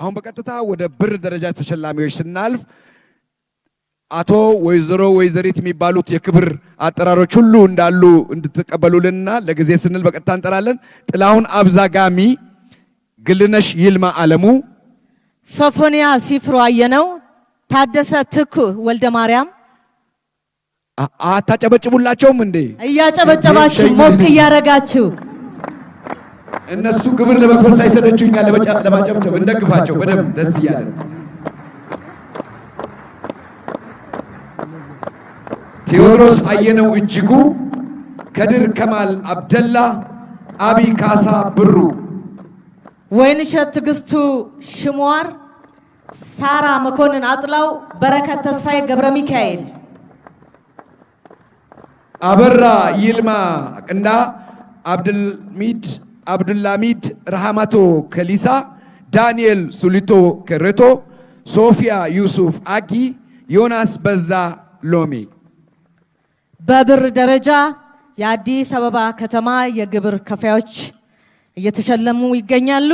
አሁን በቀጥታ ወደ ብር ደረጃ ተሸላሚዎች ስናልፍ አቶ ወይዘሮ ወይዘሪት የሚባሉት የክብር አጠራሮች ሁሉ እንዳሉ እንድትቀበሉልንና ለጊዜ ስንል በቀጥታ እንጠራለን። ጥላሁን አብዛጋሚ፣ ግልነሽ ይልማ፣ አለሙ ሶፎንያ፣ ሲፍሮ አየነው፣ ታደሰ ትኩ፣ ወልደ ማርያም አታጨበጭቡላቸውም እንዴ? እያጨበጨባችሁ ሞቅ እያረጋችሁ እነሱ ግብር ለመክፈል ሳይሰለቹ እኛ ለማጨብጨብ እንደግፋቸው። በደንብ ደስ እያለ ቴዎድሮስ አየነው እጅጉ፣ ከድር ከማል አብደላ፣ አቢ ካሳ ብሩ፣ ወይንሸት ትግስቱ ሽሟር፣ ሳራ መኮንን አጥላው፣ በረከት ተስፋዬ ገብረ ሚካኤል፣ አበራ ይልማ እና አብድልሚድ አብዱላሚድ ረሃማቶ ከሊሳ፣ ዳንኤል ሱሊቶ ከረቶ፣ ሶፊያ ዩሱፍ አጊ፣ ዮናስ በዛ ሎሚ። በብር ደረጃ የአዲስ አበባ ከተማ የግብር ከፋዮች እየተሸለሙ ይገኛሉ።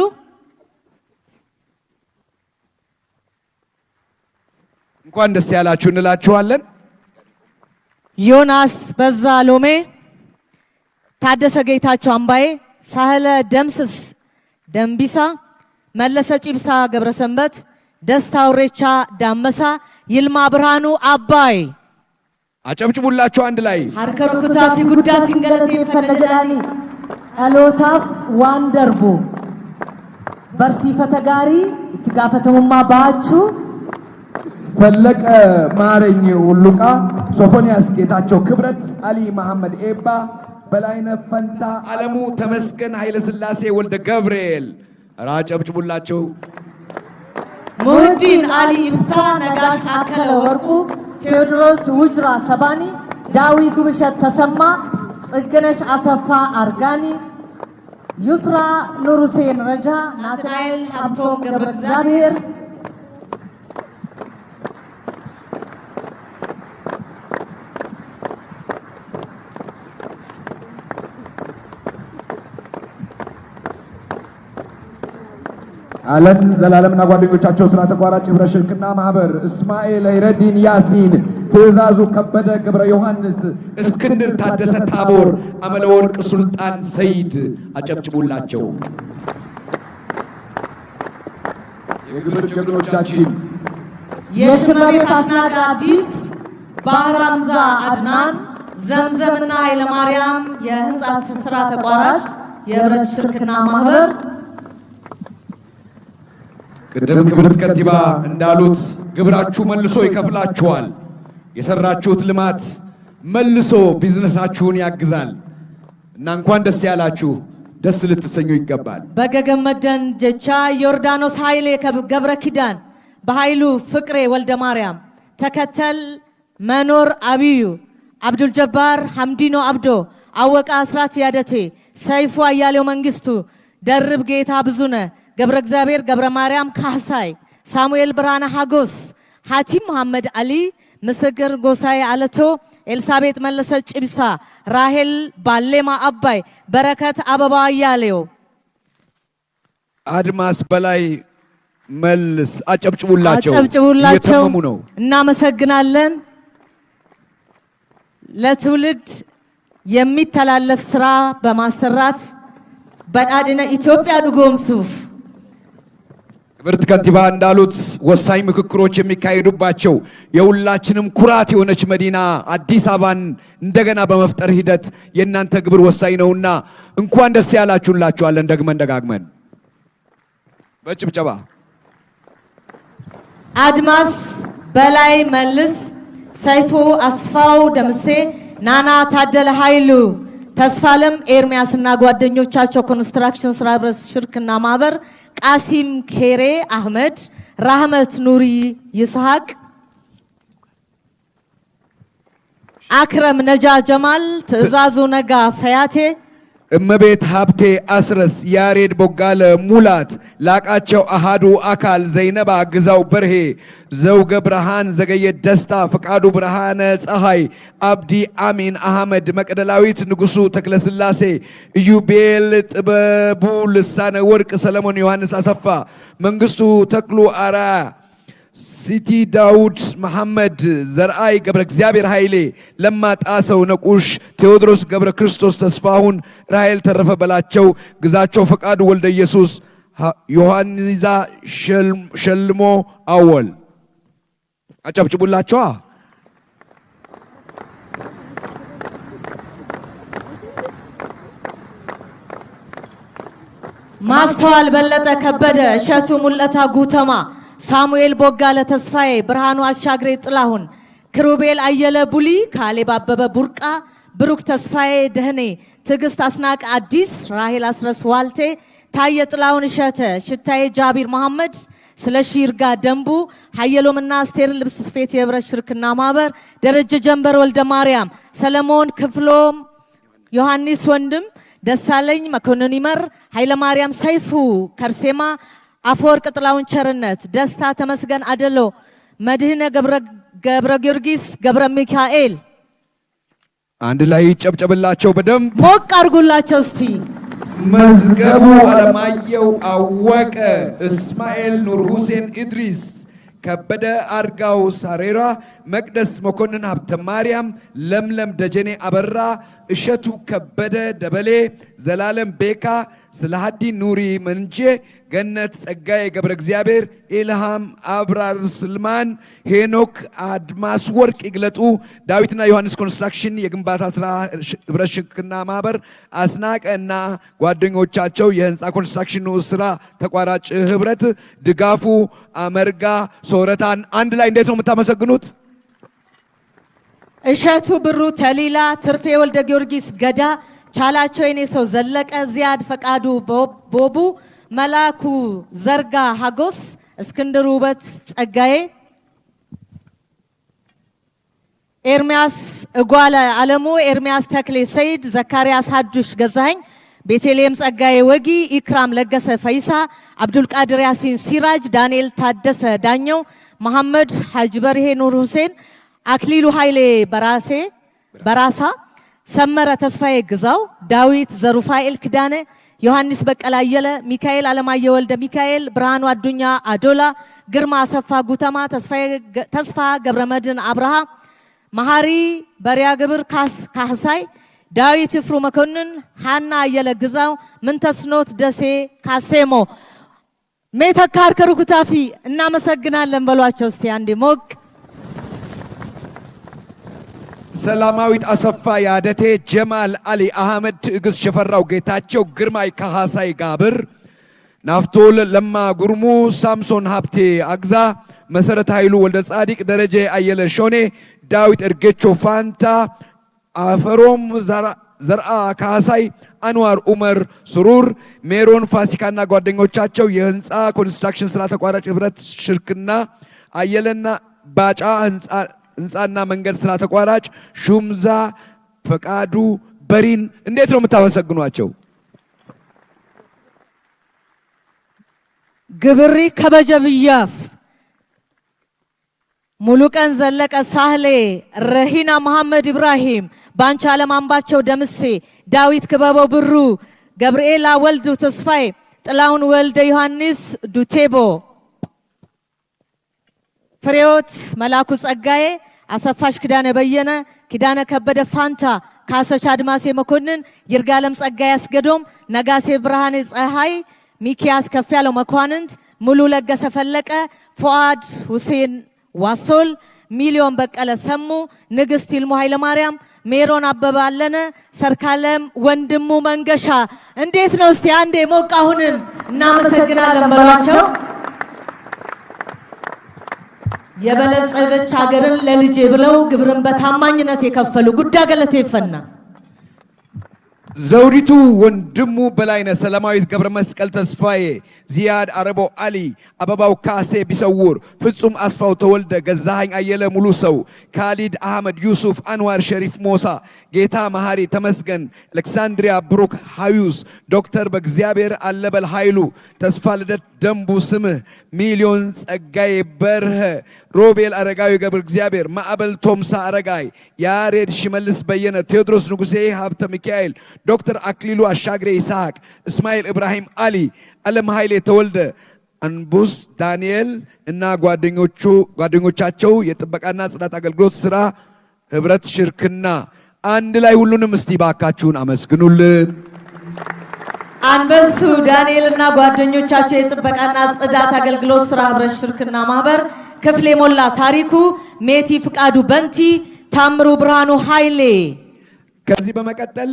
እንኳን ደስ ያላችሁ እንላችኋለን። ዮናስ በዛ ሎሜ፣ ታደሰ ጌታቸው አምባዬ ሳህለ ደምስስ ደምቢሳ፣ መለሰ ጪብሳ ገብረሰንበት፣ ደስታው ሬቻ ዳመሳ፣ ይልማ ብርሃኑ አባይ። አጨብጭቡላቸው አንድ ላይ ሀርከሩ ኩታፊ ጉዳ ሲንገለት የፈለጀላኒ አሎታፍ ዋን ደርቡ በርሲፈተ ጋሪ እትጋፈተሙማ ባቹ ፈለቀ ማረኝ ውሉቃ ሶፎንያስ ጌታቸው ክብረት አሊ መሐመድ ኤባ በላይነህ ፈንታ አለሙ፣ ተመስገን ኃይለሥላሴ ወልደ ገብርኤል። ኧረ ሙህዲን አሊ ኢብሳ፣ ነጋሽ አከለ ወርቁ፣ ቴዎድሮስ ውጅራ ሰባኒ፣ ዳዊት ውብሸት ተሰማ፣ ጽግነሽ አሰፋ አርጋኒ፣ ዩስራ ኑር ሁሴን ረጃ፣ ናትናኤል ሀብቶም ገብረ እግዚአብሔር አለም ዘላለምና ጓደኞቻቸው ስራ ተቋራጭ ህብረ ሽርክና ማህበር እስማኤል አይረዲን ያሲን ትዕዛዙ ከበደ ገብረ ዮሐንስ እስክንድር ታደሰ ታቦር አመለወርቅ ሱልጣን ሰይድ አጨብጭቡላቸው። የግብር ጀግኖቻችን የሽመቤት አስናቀ አዲስ፣ ባህር አድናን፣ ዘምዘምና ኃይለማርያም የህንፃ ስራ ተቋራጭ የህብረት ሽርክና ማህበር ቅድም ክብርት ከንቲባ እንዳሉት ግብራችሁ መልሶ ይከፍላችኋል። የሰራችሁት ልማት መልሶ ቢዝነሳችሁን ያግዛል እና እንኳን ደስ ያላችሁ፣ ደስ ልትሰኙ ይገባል። በገገመደን ጀቻ ዮርዳኖስ ኃይሌ ገብረ ኪዳን፣ በኃይሉ ፍቅሬ ወልደ ማርያም፣ ተከተል መኖር አብዩ፣ አብዱል ጀባር ሐምዲኖ፣ አብዶ አወቃ፣ አስራት ያደቴ፣ ሰይፉ አያሌው፣ መንግስቱ ደርብ፣ ጌታ ብዙነ ገብረ እግዚአብሔር ገብረ ማርያም ካህሳይ፣ ሳሙኤል ብርሃነ ሀጎስ፣ ሀቲም መሐመድ አሊ፣ ምስክር ጎሳዬ አለቶ፣ ኤልሳቤጥ መለሰ ጭብሳ፣ ራሄል ባሌማ አባይ፣ በረከት አበባ እያሌው አድማስ በላይ መልስ አጨብጭቡላቸው፣ አጨብጭቡላቸው። እናመሰግናለን። ለትውልድ የሚተላለፍ ስራ በማሰራት በዳድነ ኢትዮጵያ ድጎም ሱፍ ክብርት ከንቲባ እንዳሉት ወሳኝ ምክክሮች የሚካሄዱባቸው የሁላችንም ኩራት የሆነች መዲና አዲስ አበባን እንደገና በመፍጠር ሂደት የእናንተ ግብር ወሳኝ ነውና እንኳን ደስ ያላችሁ እንላችኋለን። ደግመን ደጋግመን በጭብጨባ አድማስ በላይ መልስ፣ ሰይፉ አስፋው፣ ደምሴ ናና፣ ታደለ ኃይሉ፣ ተስፋለም ኤርሚያስና ጓደኞቻቸው ኮንስትራክሽን ስራ ህብረት ሽርክና ማህበር ቃሲም ኬሬ አህመድ፣ ራህመት ኑሪ ይስሐቅ፣ አክረም ነጃ ጀማል፣ ትዕዛዙ ነጋ ፈያቴ እመቤት ሀብቴ አስረስ፣ ያሬድ ቦጋለ፣ ሙላት ላቃቸው፣ አሃዱ አካል፣ ዘይነባ ግዛው፣ በርሄ ዘውገ ብርሃን፣ ዘገየ ደስታ፣ ፍቃዱ ብርሃነ ፀሐይ፣ አብዲ አሚን፣ አህመድ መቅደላዊት፣ ንጉሱ ተክለስላሴ፣ ኢዩቤል ጥበቡ፣ ልሳነ ወርቅ፣ ሰለሞን ዮሐንስ አሰፋ፣ መንግስቱ ተክሉ አራ ሲቲ ዳውድ መሐመድ ዘርአይ ገብረ እግዚአብሔር ኃይሌ ለማ ጣሰው ነቁሽ ቴዎድሮስ ገብረ ክርስቶስ ተስፋሁን ራሔል ተረፈ በላቸው ግዛቸው ፈቃዱ ወልደ ኢየሱስ ዮሐንዛ ሸልሞ አወል አጨብጭቡላቸዋ። ማስተዋል በለጠ ከበደ፣ እሸቱ ሙለታ ጉተማ ሳሙኤል ቦጋለ ተስፋዬ፣ ብርሃኑ አሻግሬ ጥላሁን፣ ክሩቤል አየለ ቡሊ፣ ካሌብ አበበ ቡርቃ፣ ብሩክ ተስፋዬ ደህኔ፣ ትዕግስት አስናቅ አዲስ፣ ራሄል አስረስ ዋልቴ፣ ታየ ጥላሁን እሸተ፣ ሽታዬ ጃቢር መሐመድ፣ ስለ ሺርጋ ደንቡ፣ ሀየሎምና አስቴር ልብስ ስፌት የህብረት ሽርክና ማህበር፣ ደረጀ ጀንበር ወልደ ማርያም፣ ሰለሞን ክፍሎም፣ ዮሐንስ ወንድም፣ ደሳለኝ መኮንን ይመር፣ ኃይለማርያም ሰይፉ ከርሴማ አፈወርቅ ጥላሁን ቸርነት፣ ደስታ ተመስገን አደሎ፣ መድህነ ገብረ ጊዮርጊስ ገብረ ሚካኤል አንድ ላይ ይጨብጨብላቸው፣ በደንብ ሞቅ አድርጉላቸው እስቲ። መዝገቡ አለማየው አወቀ እስማኤል፣ ኑር ሁሴን፣ ኢድሪስ ከበደ፣ አርጋው ሳሬራ፣ መቅደስ መኮንን ሀብተ ማርያም፣ ለምለም ደጀኔ አበራ፣ እሸቱ ከበደ ደበሌ፣ ዘላለም ቤካ፣ ስለ ኑሪ መንጄ፣ ገነት ጸጋዬ ገብረ እግዚአብሔር፣ ኢልሃም አብራር፣ ስልማን ሄኖክ፣ አድማስ ወርቅ ይግለጡ፣ ዳዊትና ዮሐንስ ኮንስትራክሽን የግንባታ ስራ ህብረት ሽርክና ማህበር፣ አስናቀ እና ጓደኞቻቸው የህንፃ ኮንስትራክሽን ስራ ተቋራጭ ህብረት ድጋፉ አመርጋ ሶረታን አንድ ላይ እንዴት ነው የምታመሰግኑት? እሸቱ ብሩ ተሊላ፣ ትርፌ ወልደ ጊዮርጊስ ገዳ፣ ቻላቸው የኔ ሰው ዘለቀ፣ ዚያድ ፈቃዱ ቦቡ፣ መላኩ ዘርጋ ሀጎስ፣ እስክንድር ውበት ጸጋዬ፣ ኤርሚያስ እጓለ አለሙ፣ ኤርሚያስ ተክሌ ሰይድ፣ ዘካርያስ ሀጁሽ ገዛኸኝ፣ ቤቴልሔም ጸጋዬ ወጊ፣ ኢክራም ለገሰ ፈይሳ፣ አብዱልቃድር ያሲን ሲራጅ፣ ዳንኤል ታደሰ ዳኘው፣ መሐመድ ሀጅ በርሄ ኑር ሁሴን አክሊሉ ኃይሌ በራሴ በራሳ፣ ሰመረ ተስፋዬ ግዛው፣ ዳዊት ዘሩፋኤል ክዳነ፣ ዮሐንስ በቀለ አየለ፣ ሚካኤል አለማየሁ ወልደ ሚካኤል፣ ብርሃኑ አዱኛ አዶላ፣ ግርማ አሰፋ ጉተማ፣ ተስፋ ገብረመድን አብርሃ፣ መሐሪ በሪያ ግብር ካስ ካህሳይ፣ ዳዊት ፍሩ መኮንን፣ ሃና አየለ ግዛው፣ ምንተስኖት ደሴ ካሴሞ ሜተካር ከሩኩታፊ እናመሰግናለን በሏቸው። እስቲ አንዴ ሞቅ ሰላማዊት አሰፋ ያደቴ፣ ጀማል አሊ አህመድ፣ ትዕግስት ሽፈራው፣ ጌታቸው ግርማይ፣ ከሐሳይ ጋብር፣ ናፍቶል ለማ፣ ጉርሙ ሳምሶን፣ ሀብቴ አግዛ፣ መሰረት ኃይሉ፣ ወልደ ጻዲቅ፣ ደረጀ አየለ፣ ሾኔ ዳዊት፣ እርጌቾ ፋንታ፣ አፈሮም ዘርአ፣ ካሳይ አንዋር፣ ኡመር ስሩር፣ ሜሮን ፋሲካና ጓደኞቻቸው የህንፃ ኮንስትራክሽን ስራ ተቋራጭ ህብረት ሽርክና አየለና ባጫ ህንፃ ህንፃና መንገድ ስራ ተቋራጭ ሹምዛ ፈቃዱ በሪን እንዴት ነው የምታመሰግኗቸው? ግብሪ ከበጀብያፍ ሙሉቀን ዘለቀ ሳህሌ ረሂና መሐመድ ኢብራሂም ባንቺ ዓለም አምባቸው ደምሴ ዳዊት ክበበው ብሩ ገብርኤላ ወልዱ ተስፋዬ ጥላውን ወልደ ዮሐንስ ዱቴቦ ፍሬዎት መላኩ ጸጋዬ፣ አሰፋሽ ኪዳነ በየነ፣ ኪዳነ ከበደ ፋንታ፣ ካሰች አድማሴ መኮንን፣ ይርጋለም ጸጋዬ አስገዶም፣ ነጋሴ ብርሃኔ ፀሐይ፣ ሚኪያስ ከፍ ያለው መኳንንት፣ ሙሉ ለገሰ ፈለቀ፣ ፉአድ ሁሴን ዋሶል፣ ሚሊዮን በቀለ ሰሙ፣ ንግስት ይልሙ ኃይለማርያም፣ ሜሮን አበባ አለነ፣ ሰርካለም ወንድሙ መንገሻ። እንዴት ነው እስቲ አንዴ ሞቅ አሁንን እናመሰግናለን በሏቸው። የበለጸገች ሀገርን ለልጄ ብለው ግብርን በታማኝነት የከፈሉ ጉዳ ገለቴ ይፈና ዘውዲቱ ወንድሙ በላይነ ሰላማዊት ገብረ መስቀል ተስፋዬ፣ ዚያድ አረበው፣ አሊ አበባው፣ ካሴ ቢሰውር፣ ፍጹም አስፋው፣ ተወልደ ገዛሃኝ፣ አየለ ሙሉ ሰው፣ ካሊድ አህመድ፣ ዩሱፍ አንዋር፣ ሸሪፍ ሞሳ፣ ጌታ መሐሪ፣ ተመስገን አሌክሳንድሪያ፣ ብሩክ ሃዩስ፣ ዶክተር በእግዚአብሔር አለበል፣ ኃይሉ ተስፋ፣ ልደት ደንቡ፣ ስምህ ሚሊዮን፣ ጸጋዬ በርህ ሮቤል አረጋዊ ገብረ እግዚአብሔር፣ ማዕበል ቶምሳ አረጋይ፣ ያሬድ ሽመልስ፣ በየነ ቴዎድሮስ ንጉሴ፣ ሀብተ ሚካኤል ዶክተር አክሊሉ አሻግሬ ይስሐቅ፣ እስማኤል ኢብራሂም፣ አሊ አለም፣ ኃይሌ ተወልደ፣ አንቡስ ዳንኤል እና ጓደኞቹ ጓደኞቻቸው የጥበቃና ጽዳት አገልግሎት ስራ ህብረት ሽርክና አንድ ላይ ሁሉንም እስቲ ባካችሁን አመስግኑልን። አንበሱ ዳንኤል እና ጓደኞቻቸው የጥበቃና ጽዳት አገልግሎት ስራ ህብረት ሽርክና ማህበር፣ ክፍሌ ሞላ፣ ታሪኩ ሜቲ፣ ፍቃዱ በንቲ፣ ታምሩ ብርሃኑ ኃይሌ ከዚህ በመቀጠል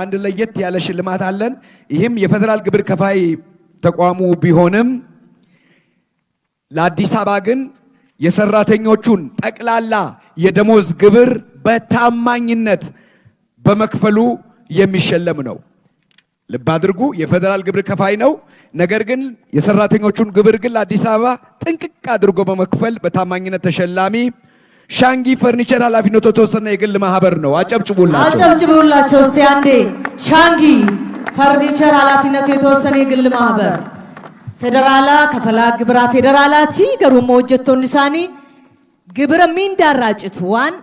አንድ ለየት ያለ ሽልማት አለን። ይህም የፌደራል ግብር ከፋይ ተቋሙ ቢሆንም ለአዲስ አበባ ግን የሰራተኞቹን ጠቅላላ የደሞዝ ግብር በታማኝነት በመክፈሉ የሚሸለም ነው። ልብ አድርጉ፣ የፌደራል ግብር ከፋይ ነው። ነገር ግን የሰራተኞቹን ግብር ግን ለአዲስ አበባ ጥንቅቅ አድርጎ በመክፈል በታማኝነት ተሸላሚ ሻንጊ ፈርኒቸር ኃላፊነቱ የተወሰነ የግል ማህበር ነው። አጨብጭቡላቸው፣ አጨብጭቡላቸው እስቲ አንዴ። ሻንጊ ፈርኒቸር ኃላፊነቱ የተወሰነ የግል ማህበር ፌደራላ ከፈላ ግብራ ፌደራላቲ ገሩሞ ሆጀቶ እንዲሳኒ ግብረ ሚንዳራ ዋን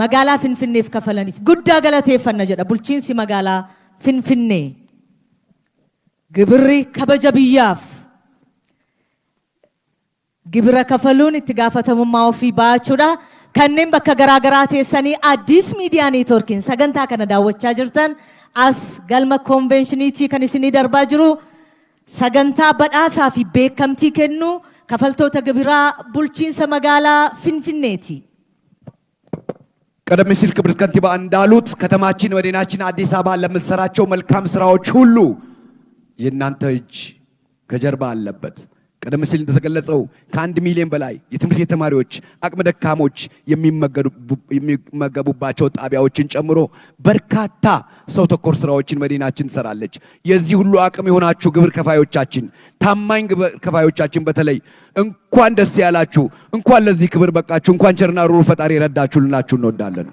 መጋላ ፊንፊኔፍ ከፈለኒፍ ጉዳ ገለቴፈነ ጀደ ቡልቺንሲ መጋላ ፊንፊኔ ግብሪ ከበጀ ግብረ ከፈሉን ኢትጋፈተሙማ ኦፊ ባያቹዳ kanneen bakka garaagaraa teessanii addis miidiyaa neetworkiin sagantaa kana daawwachaa jirtan as galma konveeshiniitii kan isinii darbaa jiru sagantaa badhaasaa fi beekamtii kennu kafaltoota gibiraa bulchiinsa magaalaa Finfinneeti. ቀደም ሲል ክብርት ከንቲባ እንዳሉት ከተማችን መዲናችን አዲስ አበባ ለምትሰራቸው መልካም ስራዎች ሁሉ የእናንተ እጅ ከጀርባ አለበት። ቀደም ሲል እንደተገለጸው ከአንድ ሚሊዮን በላይ የትምህርት ቤት ተማሪዎች፣ አቅመ ደካሞች የሚመገቡባቸው ጣቢያዎችን ጨምሮ በርካታ ሰው ተኮር ስራዎችን መዲናችን ትሰራለች። የዚህ ሁሉ አቅም የሆናችሁ ግብር ከፋዮቻችን፣ ታማኝ ግብር ከፋዮቻችን በተለይ እንኳን ደስ ያላችሁ፣ እንኳን ለዚህ ክብር በቃችሁ፣ እንኳን ቸርና ሩሩ ፈጣሪ ልናችሁ እንወዳለን።